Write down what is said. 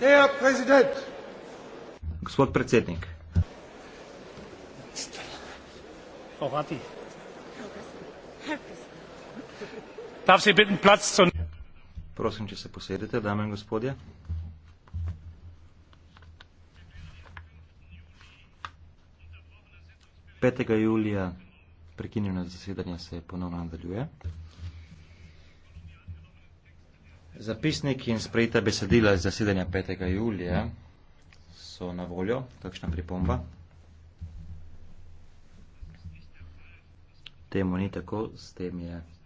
Herr Präsident. Gospod predsednik. Ovati. Darf Sie bitten Platz zu Prosim, če se posedete, dame in gospodje. Petega julija prekinjeno zasedanje se ponovno nadaljuje. Zapisniki in sprejeta besedila iz zasedanja 5. julija so na voljo. Kakšna pripomba? Temu ni tako, s tem je